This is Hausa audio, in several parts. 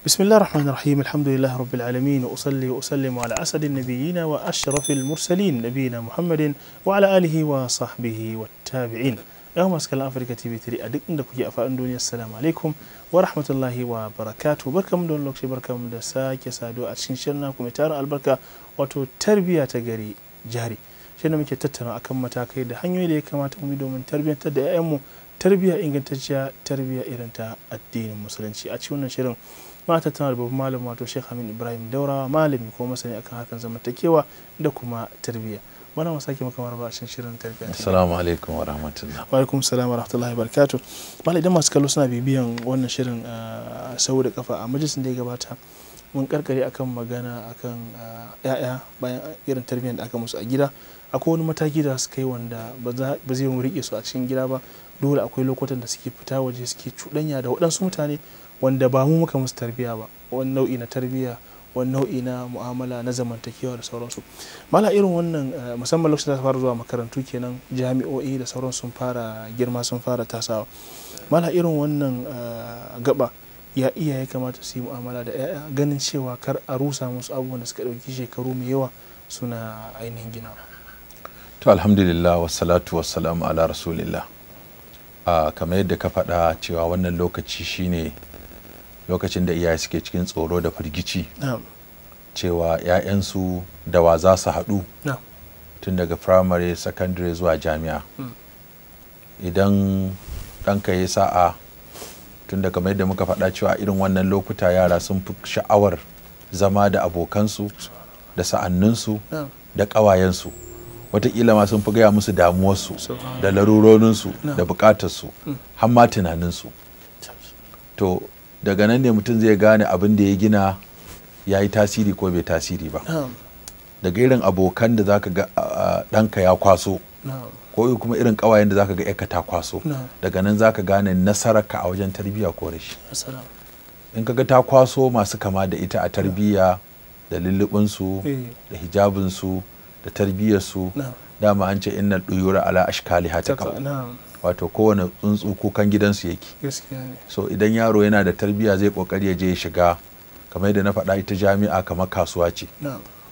بسم الله الرحمن الرحيم الحمد لله رب العالمين وأصلي وأسلم على أسد النبيين وأشرف المرسلين نبينا محمد وعلى آله وصحبه والتابعين يا ماسك أفريكا تي في 3 أدق عندك يا فأن دنيا السلام عليكم ورحمة الله وبركاته بركة من دون لوكشي بركم دا ساكي سادو أتشين شرنا كمتار البركة وتو تربية تجري جاري shi muke tattauna akan matakai da hanyoyi da ya kamata mu domin tarbiyya ingantacciya tarbiyya irin ta addinin musulunci a cikin wannan shirin ta tana da babban malam wato Sheikh Amin Ibrahim Daurawa malami ko masani akan hakan zamantakewa da kuma tarbiyya wannan mu sake maka ba a cikin shirin tarbiyya assalamu alaikum wa rahmatullah wa alaikum assalam wa rahmatullahi wa barakatuh malai idan masu kallo suna bibiyan wannan shirin ah, sau da kafa a majalisin da ya gabata mun karkare akan magana akan ah, ya'ya bayan irin tarbiyyar da aka musu a gida akwai wani mataki da suka yi wanda ba zai mu rike su a cikin gida ba dole akwai lokutan da suke fita waje suke cuɗanya da waɗansu mutane wanda ba mu muka musu tarbiyya ba wani nau'i na tarbiyya wani nau'i na mu'amala na zamantakewa da sauransu mala irin wannan ah, musamman lokacin da ta fara zuwa makarantu kenan jami'o'i da sauran sun fara girma sun fara tasawa mala irin wannan ah, gaba ya iyaye kamata su yi mu'amala da 'ya'ya ganin cewa kar a rusa musu abubuwan da suka ɗauki shekaru mai yawa suna ainihin gina to alhamdulillah wassalatu wassalamu ala rasulillah a kamar yadda ka faɗa cewa wannan lokaci shine lokacin da iyaye suke cikin tsoro da firgici cewa 'ya'yansu da wa za su haɗu tun daga firamare secondary zuwa jami'a hmm. idan ɗanka ya sa'a tunda kamar yadda muka faɗa cewa irin wannan lokuta yara sun fi sha'awar zama da abokansu da sa'anninsu oh. da ƙawayensu watakila ma sun fi gaya musu damuwarsu da larurorinsu da buƙatarsu mm. har ma tunaninsu to daga nan ne mutum zai gane abin da ya gina ya yi tasiri ko bai tasiri ba oh. daga irin abokan da zaka ga ɗanka ya kwaso ko kuma irin kawayen da zaka ga ya ta kwaso daga nan zaka gane nasarar ka a wajen tarbiyya ko rashi in kaga ta kwaso masu kama da ita a tarbiyya da su eh. da su da tarbiyyarsu dama an ce inna duyura ala ashkali hata wato kowane tsuntsu kukan gidansu yake so idan yaro yana da tarbiyya zai kokari ya je ya shiga kamar yadda na faɗa ita jami'a kamar kasuwa ce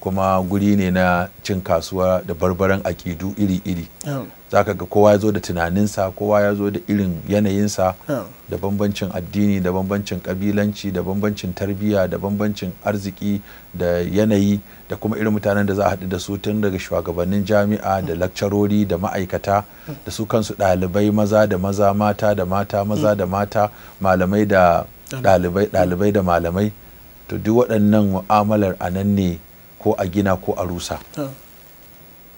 kuma guri ne na cin kasuwa da barbaran akidu iri-iri oh. zaka ga kowa ya zo da tunaninsa kowa ya zo da irin yanayinsa oh. da bambancin addini da bambancin kabilanci da bambancin tarbiyya da bambancin arziki da yanayi da kuma irin mutanen da za a haɗu da su tun daga shugabannin jami'a da oh. lakcarori da ma'aikata da su kansu ɗalibai maza da maza mata da mata maza mm. da mata malamai da ɗalibai da malamai to duk waɗannan mu'amalar a nan ne ko a gina ko a rusa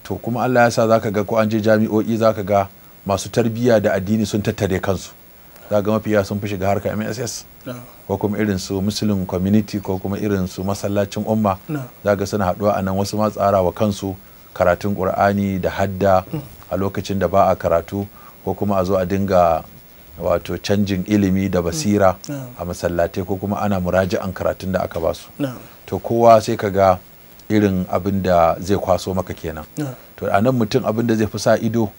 to kuma allah ya sa za ka ga ko an je jami'o'i za ka ga masu tarbiyya da addini sun tattare kansu za ga mafiya sun fi shiga harkar mss ko kuma irin su muslim community ko kuma irin su masallacin umma za ga suna haɗuwa a nan wasu ma tsara wa kansu karatun qur'ani da hadda mm. a lokacin da ba a karatu ko kuma a zo a dinga wato canjin ilimi da mm. basira a masallatai ko kuma ana muraji'an karatun da aka basu to kowa sai ka ga irin abin da zai kwaso maka kenan to a nan mutum abin da zai fi sa ido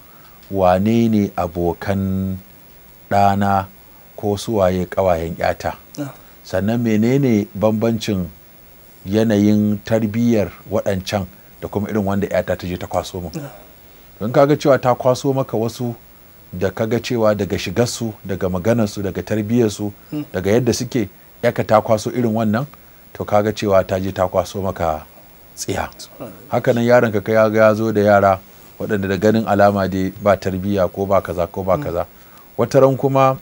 wane ne abokan ɗana ko suwaye ƙawayen ƴata sannan menene bambancin yanayin tarbiyyar waɗancan da kuma irin wanda ƴata ta je ta kwaso mu don kaga cewa ta kwaso maka wasu da kaga cewa daga shigarsu daga maganarsu daga tarbiyyarsu mm. daga yadda suke ka ta kwaso irin wannan to ka ga cewa ta je ta kwaso maka tsiya hakanan yaron ka ya ga ya zo da yara waɗanda da ganin alama dai ba tarbiyya ko ba kaza ko ba kaza wata ran kuma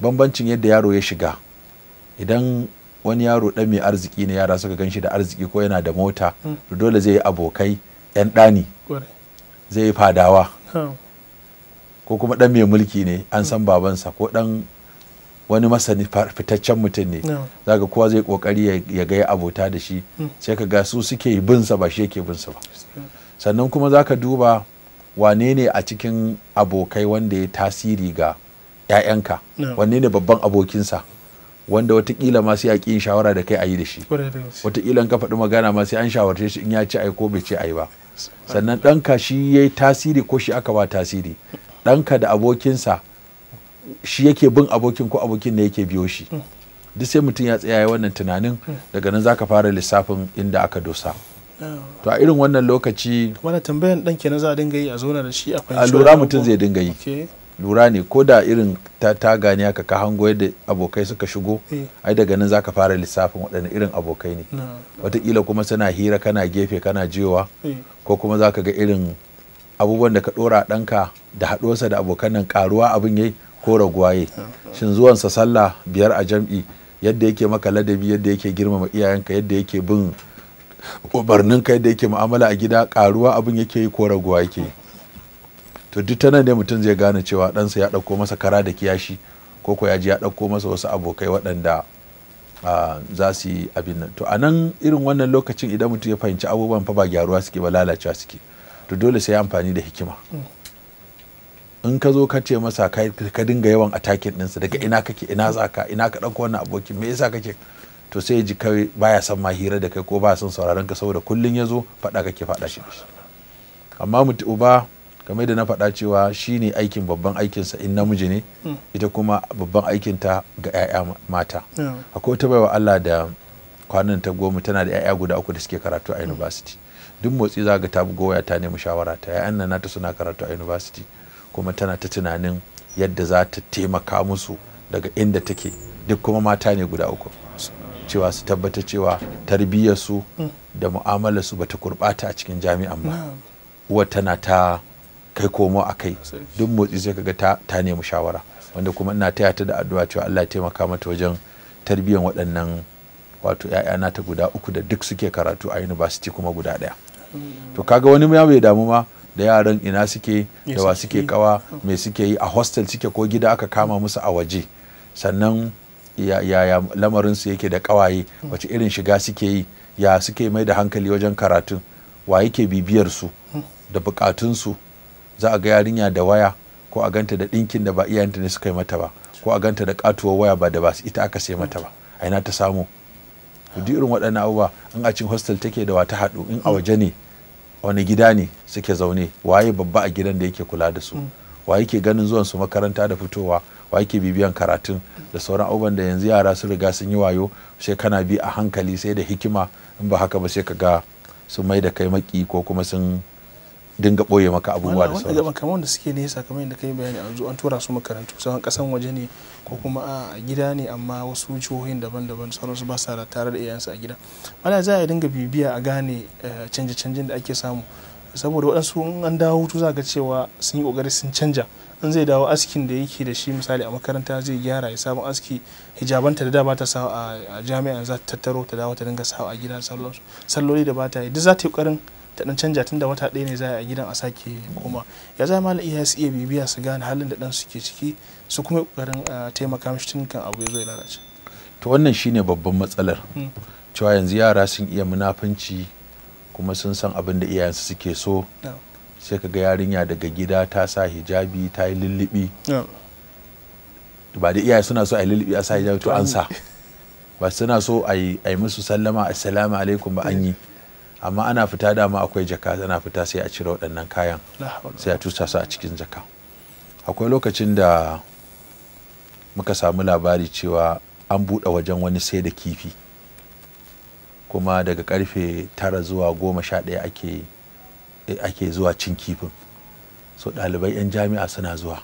bambancin yadda yaro ya shiga idan wani yaro ɗan mai arziki ne yara suka gan shi da arziki ko yana da mota to dole zai yi abokai 'yan ɗani zai yi fadawa ko kuma ɗan mai mulki ne an san babansa ko ɗan wani masani fitaccen mutum ne za ka kowa zai kokari ya ga abota da shi hmm. sai ka ga su suke bin sa ba shi yake bin sa ba sannan kuma za ka duba wane ne a cikin abokai wanda ya tasiri ga 'ya'yanka wane ne babban abokinsa wanda watakila ma sai a ƙi shawara da kai a yi da shi watakila ka faɗi magana ma sai an shawarce shi in ya ci ai ko bai ce ayi ba sannan ɗanka shi ya yi tasiri ko shi aka ba tasiri ɗanka da abokinsa shi yake bin abokin ko abokin ne yake biyo shi duk sai mutum ya tsaya wannan tunanin daga nan zaka fara lissafin inda aka dosa to a irin wannan lokaci wani tambayan dan kenan za a dinga yi a zona da shi a a lura mutum zai dinga yi lura ne ko da irin ta ta gani aka ka hango yadda abokai suka shigo eh. ai daga nan zaka fara lissafin waɗanne irin abokai ne wataƙila kuma suna hira kana gefe kana jewa eh. ko kuma zaka ga irin abubuwan da ka ɗora ɗanka da haɗuwarsa da abokan nan ƙaruwa abin yayi ko ragwaye shin zuwansa sallah biyar a jam'i yadda yake maka ladabi yadda yake girmama iyayenka yadda yake bin umarninka yadda yake mu'amala a gida karuwa abin yake yi ko raguwa yake yi to duk ta nan ne mutum zai gane cewa ɗansa ya ɗauko masa kara da kiyashi ko ko ya ji ya ɗauko masa wasu abokai waɗanda za su yi abin nan to a nan irin wannan lokacin idan mutum ya fahimci abubuwan fa ba gyaruwa suke ba lalacewa suke to dole sai ya amfani da hikima. Mm. in ka zo ka ce masa ka dinga yawan attacking ɗinsa daga ina kake ina za ka ina ka ɗauko wannan abokin me yasa kake to sai ya ji kai baya san ma hira da kai ko baya san sauraron ka saboda kullun ya zo faɗa kake faɗa shi amma mutu uba kamar da na faɗa cewa shine aikin babban aikinsa in namiji ne hmm. ita kuma babban aikinta ga 'ya'ya mata hmm. akwai ta baiwa Allah da kwanan ta goma tana da 'ya'ya guda uku da suke karatu a hmm. university duk motsi za ga ta bugo ta nemi shawara ta 'ya'yan nan nata suna karatu a university kuma tana ta tunanin yadda za ta taimaka musu daga inda take duk kuma mata ne guda uku cewa su tabbata cewa tarbiyyarsu da mu'amalarsu ba ta kurɓata a cikin jami'an ba uwar tana ta kai komo a kai duk motsi sai kaga ta nemi shawara wanda kuma ina taya ta da addu'a cewa Allah ya taimaka mata wajen tarbiyyar waɗannan wato ‘ya'ya nata guda uku da duk suke karatu a university kuma guda ɗaya to kaga wani ya bai damu ma da yaran ina suke da wa suke kawa mai hmm. suke yi a hostel suke ko gida aka kama musu a waje sannan yaya lamarinsu yake da kawaye hmm. wace irin shiga suke yi ya suke mai da hankali wajen karatun wa yake bibiyar su hmm. da bukatunsu za a ga yarinya da waya ko a ganta da ɗinkin da ba iyayenta ne suka yi mata ba ko a ganta da katuwar waya ba da ba ita aka sai mata ba a ina ta samu duk irin waɗannan abubuwa in a cin hostel take da wa ta haɗu in a waje ne wani gida ne suke zaune waye babba a gidan da yake kula da su mm. waye ke ganin zuwan su makaranta da fitowa waye ke bibiyan karatun da sauran abubuwan da yanzu yara sun riga sun yi wayo sai kana bi a hankali sai da hikima in ba haka ba sai ka ga sun mai da kai maki ko kuma sun dinga ɓoye maka abubuwa da sauransu wanda kamar wanda suke nesa kamar yadda kai bayani an zo an tura su makarantu sauran kasan waje ne ko kuma a gida ne amma wasu jihohin daban-daban sauransu ba sa da tare da iyayensu a gida mana za a dinga bibiya a gane eh, canje-canjen da ake samu saboda wadansu in an dawo hutu za ga cewa sun yi ƙoƙari sun canja in zai dawo askin da yake da shi misali a makaranta zai gyara ya sabon aski hijabanta da da ba ta sa a jami'a za ta tattaro ta dawo ta dinga sa a gida salloli da ba ta yi duk za ta yi ƙoƙarin ta dan canja tunda wata ɗaya ne za a gidan a sake koma ya zama malam iya su iya bibiya su gane halin da dan suke ciki su kuma kokarin taimaka mishi tun kan abu ya zo ya lalace to wannan shine babban matsalar hmm. cewa yanzu yara sun iya munafunci kuma sun san abin da iyayensu suke so sai ka yarinya daga gida ta sa hijabi ta yi lullubi ba da iyaye suna so a yi lullubi a sa hijabi to an sa ba suna so a yi musu sallama assalamu alaikum ba an yi amma ana fita dama akwai jaka ana fita sai a cire waɗannan kayan sai a tusa su a cikin jaka akwai lokacin da muka samu labari cewa an buɗe wajen wani sai da kifi kuma daga karfe tara zuwa goma sha ɗaya ake, zuwa cin kifin so ɗalibai 'yan jami'a suna zuwa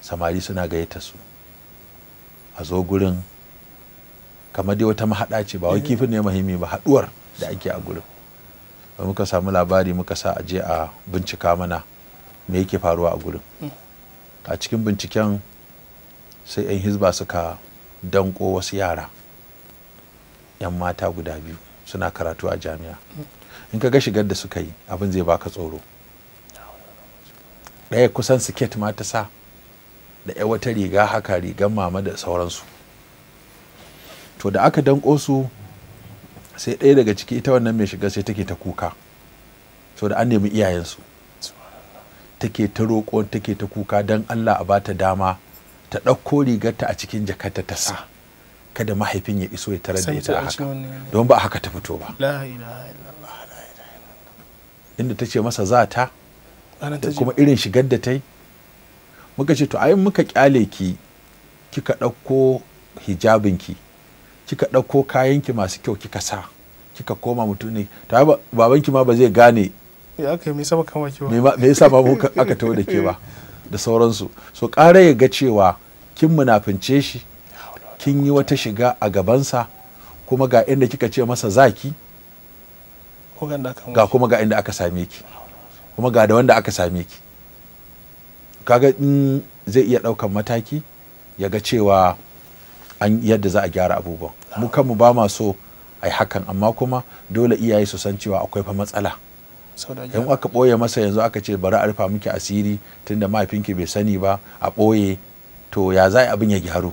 samari suna gayyata su a zo gurin kamar dai wata mahaɗa ce ba wai eh. kifin ne muhimmi ba haɗuwar da ake a gurin muka samu labari muka sa a je a bincika mana me yake faruwa a gurin hmm. a cikin binciken sai 'yan hizba suka danko wasu yara 'yan mata guda biyu suna karatu a jami'a hmm. in ka ga shigar da suka yi abin zai baka tsoro ɗaya kusan siket ma ta sa da ya wata riga haka rigar mama da sauransu to da aka danko su sai ɗaya daga ciki ita wannan mai shiga sai take ta kuka so da an nemi iyayensu take ta roƙo take ta kuka don allah a bata dama ta ɗauko rigarta a cikin jakarta ta sa kada mahaifin ya iso ya tarar da ita a haka don ba a haka ta fito ba inda ta ce masa za ta kuma irin shigar da ta yi muka ce to ayin muka kyale ki kika ɗauko hijabinki kika ɗauko kayanki masu kyau kika sa kika koma mutum ne ta babanki ma ba zai gane me yasa ba mu aka tawo da ke ba da sauransu so ƙara ya ga cewa kin munafince shi kin yi wata shiga a gabansa kuma ga inda kika ce masa zaki ga kuma ga inda aka same ki kuma ga da wanda aka same ki kaga in zai iya ɗaukan mataki ya ga cewa an yadda za a gyara abubuwan mu kanmu ba ma so yi hakan amma kuma dole iyaye su san cewa akwai fa matsala in aka ɓoye masa yanzu aka ce bari a rufa miki asiri tunda mahaifinki bai sani ba a ɓoye to ya za abin ya gyaru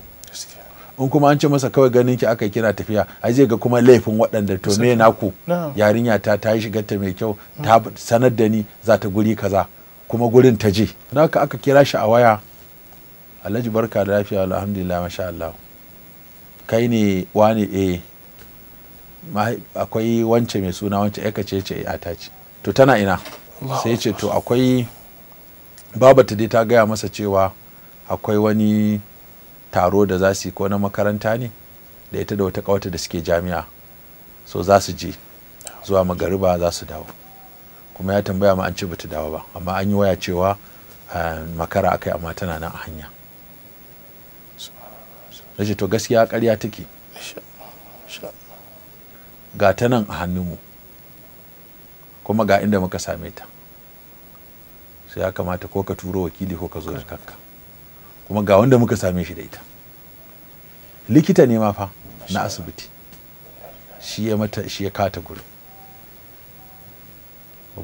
in kuma an ce masa kawai ganin ki aka kira tafiya a zai ga kuma laifin waɗanda to me naku yarinya ta ta yi ta mai kyau ta sanar da ni za ta guri kaza kuma gurin ta je naka aka kira shi a waya alhaji barka da lafiya alhamdulillah masha Allah kai ne wani eh, e akwai wance mai suna wance ya ce eh, ce a ta to tana ina sai ce to akwai babata dai ta gaya masa cewa akwai wani taro da za su yi ko na makaranta ne da ita da wata kawata da suke jami'a so za su je zuwa magariba za su dawo kuma ya tambaya ma an ce ta dawo ba amma an yi waya cewa eh, makara akai amma tana nan a hanya na to gaskiya karya take ga ta nan a hannunmu kuma ga inda muka same ta sai ya kamata ko ka turo wakili ko ka zo da kanka kuma ga wanda muka same shi da ita likita ne ma fa na asibiti shi ya mata shi ya kata gurin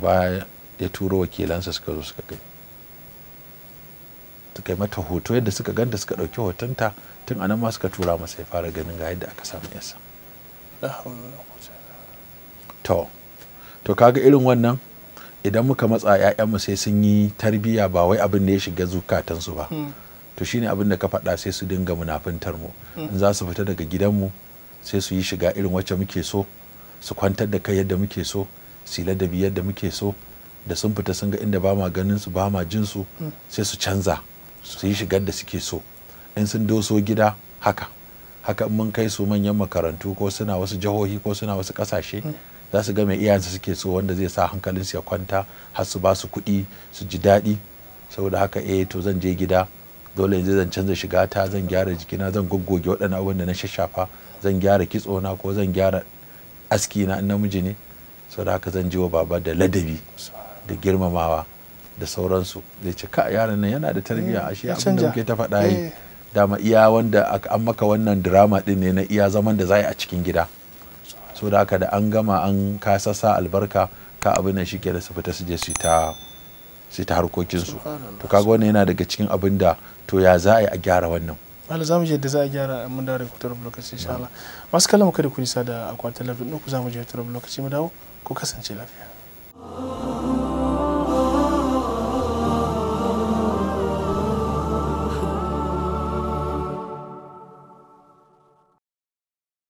ba ya turo wakilansa suka zo suka kai suka yi mata hoto yadda suka ganta suka ɗauki hotonta tun anan ma suka tura masa ya fara ganin ga yadda aka samu yasa to to kaga irin wannan idan muka matsa 'ya'yanmu sai sun yi tarbiyya ba wai abin da ya shiga zukatansu ba hmm. to shine abin da ka faɗa sai su dinga munafintar mu hmm. in za su fita daga gidan mu sai su yi shiga irin wacce muke so su kwantar da kai yadda muke so su ladabi yadda muke so da sun fita sun ga inda ba ma ganin su ba ma jin su hmm. sai su canza su yi shigar da suke so in sun doso gida haka haka in mun kai su manyan makarantu ko suna wasu jihohi ko suna wasu kasashe mm. za su ga mai iyayensu suke so wanda zai sa hankalin su ya kwanta har su ba su kuɗi su ji daɗi saboda haka eh to zan je gida dole yanzu zan canza shiga ta zan gyara jikina zan goggoge waɗannan abin da na shashafa zan gyara kitsona ko zan gyara aski na namiji ne saboda haka zan ji wa baba da ladabi da girmamawa da sauransu zai ce ka yaron nan yana da tarbiyya eh, ashe abin da muke ta faɗa yi eh. dama iya wanda an maka wannan drama din ne na iya zaman da zai a cikin gida so da haka da an gama an kasa sa albarka ka abin nan shike da su fita su je su ta su ta harkokin su to kaga wannan yana daga cikin abin da to ya za a yi a gyara wannan wala zamu je da za a gyara mun dawo da kutar lokaci insha Allah masu kallon kada ku nisa da akwatin lafiya ku zamu je kutar lokaci mu dawo ku kasance lafiya